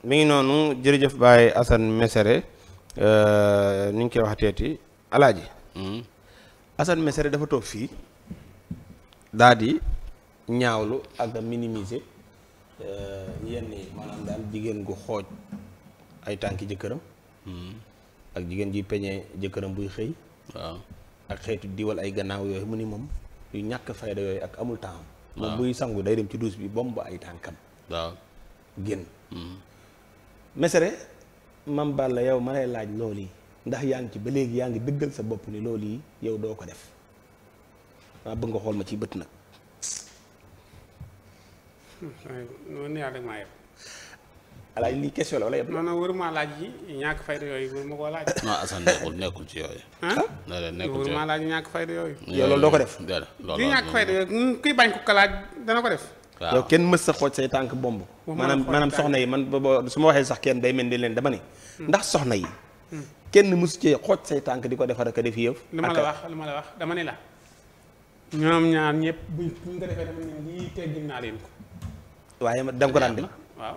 mi ngi noonu jërëjëf Baye Assane Mesere euh, ni ñu koy teeti alaaji hmm. Assane Mesere dafa toog fii daal ñaawlu ak a minimiser euh, yenn yi maanaam daal jigéen gu xooj ay tànki jëkkëram hmm. ak jigéen ji peñe jëkkëram buy xëy waaw ak xeetu diwal ay gannaaw yooyu mu ni moom yu ñàkk fayda yooyu ak amul temps moom buy sangu day dem ci duus bi bomb ay tànkam waaw génn hmm. mesere mam Balla yow ma lay laaj loolu yi ndax yaa ngi ci ba léegi yaa ngi dëggal sa bopp ni loolu yi yow doo ko def waaw bëgg nga ma ci bët nag. noonu yaa maa yëpp. alaaj lii question la wala yëpp. non non wëruma laaj ñàkk fayda yooyu wëruma koo laaj. non Assane nekkul ci yooyu. yi ñàkk fayda yooyu. yow loolu ñàkk fayda yooyu kuy bañ ko ko laaj dana ko def. yow kenn mës sa xooj say tànk bomb maanaam maanaam soxna yi man su ma waxee sax kenn day mel ni leen dama ne hmm. ndax soxna yi hmm. kenn mësu cee xooj say tànk di ko defar ak a def yëf li ma la wax li ma la wax dama ne la ñoom ñaar ñëpp buñ buñ ko naa leen ko waaye danga ko daan def waaw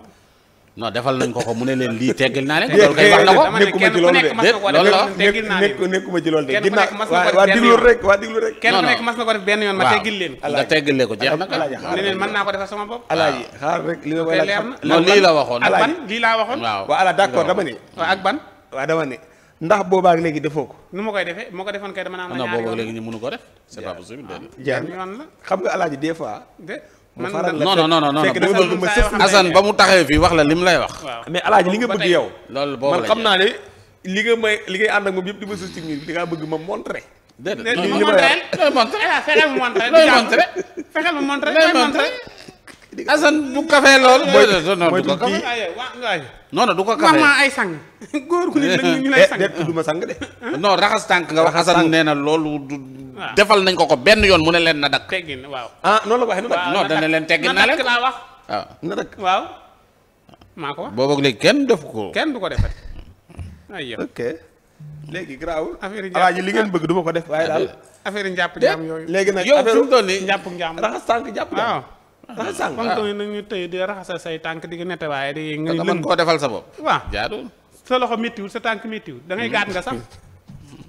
non defal nañ ko ko mu ne leen lii teggil naa leen. loolu kay wax na ko nekkuma ci loolu de loolu la kenn ku nekk mas na ko def waa diglu rek waa diglu rek. kenn ku nekk mas na ko def benn yoon ma teggil leen. nga teggil ko jeex na. ne leen mën naa ko defal sama bopp. alaaji xaar rek li ma koy laaj. la waxoon ak laa waxoon. waaw waaw ala d'accord dama ne. waaw ak ban. waaw dama ne. ndax boobaak léegi defoo ko. nu ma koy defee moo ko defoon kay dama naan la ñaari yoon. ko la xam nga alaaji des fois man non non non ba mu taxawee fii wax la lim lay wax. mais alaaji li nga bëgg yow. loolu boobu man xam naa ne li nga may li ngay ànd ak moom yëpp di ma sës ci biir da ngaa bëgg ma montré. déedéet li ma montré. Eh, fexeel ma montré. looy montré. Assane du kafe lool. mooy du kii non non du ko kafe maman ay sang. góor ku nit ñu lay eh, eh, sang de du ma sang de. raxas tànk nga wax Assane nee na loolu du. defal nañ ko ko benn yoon mu ne leen na dakk. teggin waaw ah noonu la leen teggin na leen na dakk laa wax. waaw na maa ko wax boobu léegi kenn defu ko. kenn du ko defati. ay ok léegi garaawul. affaire yi li ngeen bëgg du ko def waaye daal. affaire yi njàpp njaam yooyu. léegi nag affaire yow fi mu toll nii njàpp njaam raxas tànk jàpp njaam raxasang ah, waaw kon nañu tey di raxasal say tànk di nette waaye di. nga mën koo defal sa bopp. waaw jaadu sa loxo méttiwul sa tànk méttiwul da ngay gaat nga sax.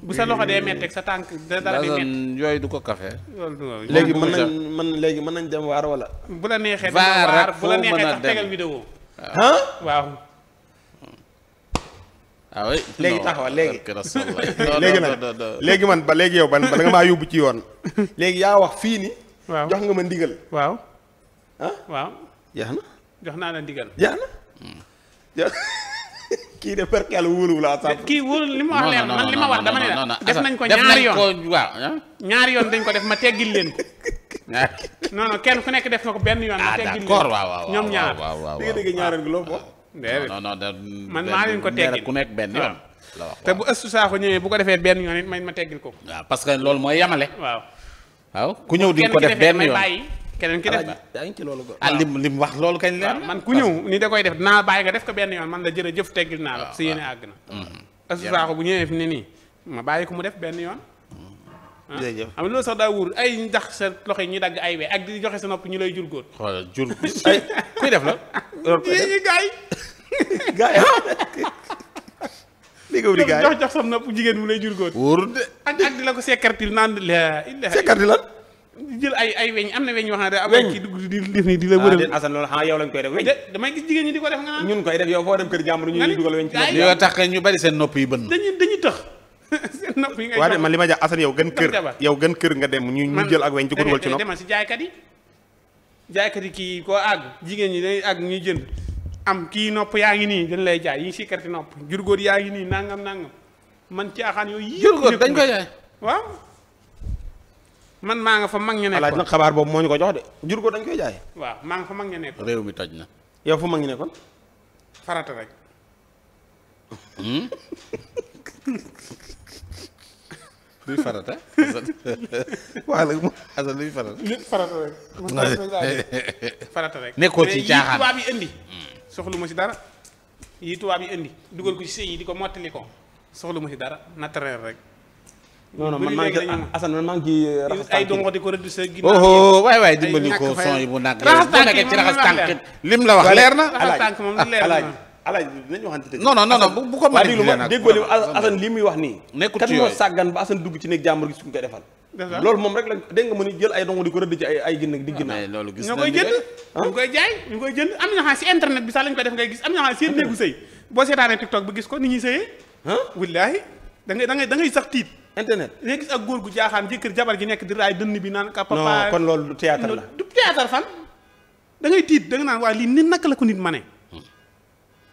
bu sa loxo dee métteeg sa tànk dara di métti yooyu du ko kafe. léegi mën nañ mën léegi mën nañ dem waar wala. bu la neexee dem waar bu la neexee sax tegal vidéo. ah waaw. ah oui léegi taxawal léegi léegi nag léegi man ba léegi yow ban bala nga maa yóbbu ci yoon. léegi yaa wax fii ni. waaw jox nga ma ndigal waaw. ah waaw. jeex na jox naa la ndigal. jeex na. kii de parce que yàlla laa sax. kii wóolu li ma wax leen man li ma wax dama ne la def nañ ko ñaari yoon waaw ah. ñaari yoon dañ ko def ma teggil leen ko. non non kenn ku nekk def na ko benn yoon. ma ah, teggil leen ñaar waaw waaw waaw dégg man maa leen ko teggil ku nekk benn yoon. te bu ëstu saako bu ko defee benn yoon it ma teggil ko. waaw parce que loolu mooy yamale. waaw ku ñëw di ko def benn yoon keneen ki def yaa ci loolu ah lim lim wax loolu kañ leer ah, man ku ñëw ni da koy def dinaa bàyyi nga def ko benn yoon man la jërëjëf teggil naa la ah, si yéene àgg na mm-hmm. asu saaxo bu ñëwee fi ne nii ma bàyyi ko mu def benn yoon mm-hmm. ah, jërëjëf am loolu sax daa wóor ay ñu dax sa loxo yi ñu dagg ay we ak di joxe sa nopp ñu lay jur góor xoolal def la yi gaay gaay sa nopp jigéen mu lay jur góor wóor de ak ak di la ko sekkartil lan jël ay ay weñ am na weñ yoo xam ne am ki dugg di def nii di la wëral asan ah, loolu xanaa ah, yow lañ koy def weñ damay gis jigéen ñi di ko def nga naan ñun koy def yow foo kër jàmbur ñu dugal weñ ci yow tax ñu bari seen nopp yi bënn dañuy dañuy tëx seen yi ngay nga dem ñu jël ak weñ ci ko dugal ci nopp demal jigéen ñi dañuy àgg ñuy jënd am kii nopp yaa ngi nii dañ lay jaay yi sikkarti nopp jurgóor yaa ngi nii nangam nangam man caaxaan yooyu yëpp dañ koy jaay man maa nga fa mag ñu nekkoon alaaj nag ko jox jur ko dañ koy jaay. waaw maa nga fa mag ñu nekkoon. réew mi toj na. yow fa mag ñu nekkoon. farata rek. Hmm? luy farata. waaw léegi rek. nekkoo ci caaxaan hmm. ma si dara. yi tubaab indi. dugal ko ci sëy yi di ko mottali ko. soxlu ma si dara naturel rek. non non man maa ngi Assane man maa euh, raxas tànk yi lim la wax leer na alaaj alaaj dinañu waxante dëgg non non non bu ko mën a déggoo li Assane li muy wax nii nekkul yooyu kat moom rek la dégg nga mën a jël ay dongo di ko rëdd ci ay ay ginn di ginn loolu koy jënd ñu koy jënd am na xam si internet bi sax lañ koy def ngay gis am na xam seen néegu sëy boo seetaanee TikTok bi gis ko ni ñuy sëyee wallaahi da ngay da sax tiit internet nga gis ak góor gu jaaxaan jëkkër jabar ji nekk di raay dënn bi naan. ka papa non kon loolu du théâtre la du théâtre fan. da tiit danga naan waaye lii nit naka la ko nit ma ne hmm.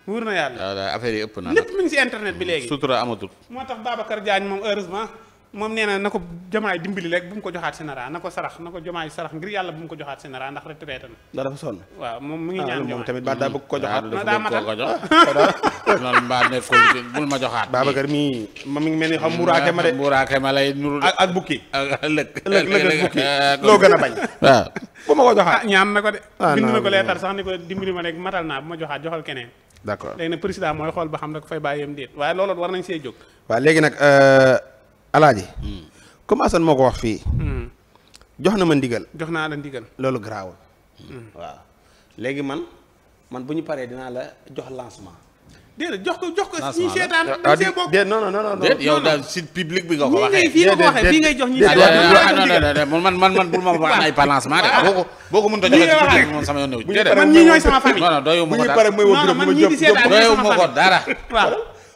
wóor na yàlla. Ah, affaire yi ëpp na lépp mi ngi si internet bi léegi. sutura amatul. moo tax Babacar Diagne moom heureusement. moom nee na na ko jomaay dimbali rek bu mu ko joxaat naraa na ko sarax na ko jomaay sarax ngir yàlla bu mu ko joxaat sénéra ndax retraité na da dafa sonn waaw moom mu ngi ah, ba daa ko joxaat daa matal ko jox loolu mbaa ma joxaat Babacar mii ma mi ngi mel ni xam muraake ma de mm, muraake ma lay nuru ak bukki lëg lëg lëg ak loo gën a bañ waaw bu ma ko joxaat ah, ñaan na ko de ah, bind na ko leetar sax ni ko dimbali ma rek matal naa bu ma joxaat joxal keneen d'accord léegi xool ba xam da ko fay bàyyeem déet waaye loolu war nañ see jóg waaw léegi nag euh, alaaji hmm. comme Assane moo ko wax fii hmm. jox na ma ndigal jox naa la ndigal loolu garaawul hmm. waaw léegi man man bu ñu paree dinaa la jox lancement déedéet jox ko jox ko ñi yow daal si public bi nga ko ngay jox ñi seetaan ah, man man man bul ma wax ay balancement de boo ko boo ko a joxe si public sama yoon néew man ñii ñooy sama famille non non doyu ma ko dara doyu ma ko dara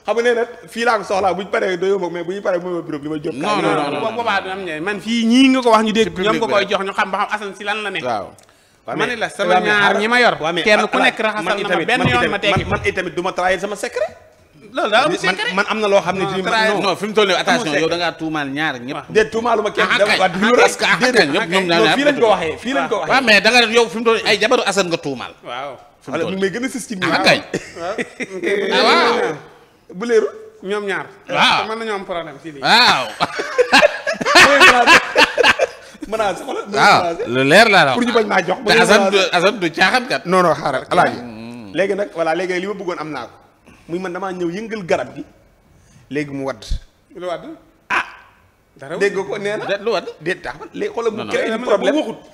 xam nga nee fii laa ko la nekk. waaw ma ne la yor. kenn ku nekk raxasal na ma benn yoon ma teggi man itamit du ma trahir sama secret. loolu daa ah, ah, ah, waxee fii lañ ko waxee. waaw mais da nga yow fi toll ay jabaru Assane nga tuumal. waaw fi toll nii may gën a sës ci. waaw. bu leerul ñoom ñaar. waaw te mën am problème si lii. waaw. menace wala waaw lu leer la la ñu bañ maa jox. te Assane du Assane du caaxaan kat. non non xaaral alaaji. léegi nag voilà léegi li ma bëggoon am naa ko muy man damaa ñëw yëngal garab gi léegi mu wadd. lu wadd ko ah! dara dégg ko nee na lu wadd déet tax léegi xoolal mu waxut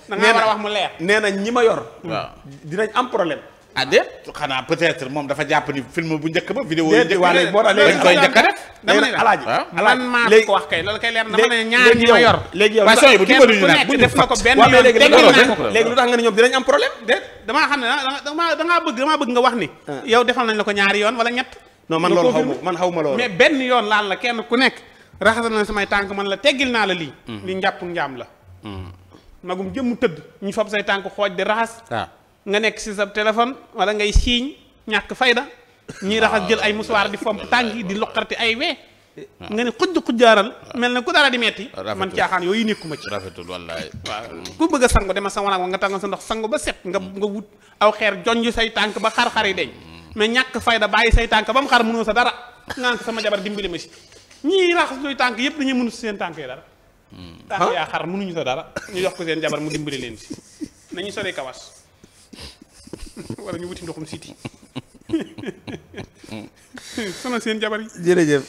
da wax mu leer. nee na ñi ma yor. waaw dinañ am problème. ah déet xanaa peut-être moom dafa jàpp ni film bu njëkk ba. vidéo yi njëkk a a def. dama ne la ah. man maa ko wax kay loolu kay tax ah, ah, nga wax ni. yow defal nañ la ko ñaari yoon wala ñett. non man loolu xaw ma man xaw loolu. mais benn yoon laal la kenn ku nekk raxasal na samay tànk man la teggil naa la lii. Mm-hmm. li njàpp njaam la mm-hmm. magum jëmm tëdd ñu fab say tànk xooj di raxas nga nekk si sa téléphone wala ngay siiñ ñàkk fayda ñuy raxas ah, jël ay musuwaar di fomp tànk yi di loqarti ay wee ah. nga ne xujj xujjaaral ah. mel na ku dara di metti man caaxaan yooyu nekkuma ci rafetul wallaay waaw mm. ku bëgg a sangu dama sa wanaag nga tàngal sa ndox sangu ba set nga mm. nga wut aw xeer jonj say tànk ba xar-xar yi deñ mm. mais ñàkk fayda bàyyi say tànk ba mu xar mënoo sa dara naan ko sama jabar dimbali ma si ñii raxas luy tànk yëpp dañuy mënu si seen tànk yi dara tànk yaa mënuñu sa dara ñu jox ko seen jabar mu dimbali leen si nañu sori kawas wala ñu wuti ndoxum siti sono seen jabar yi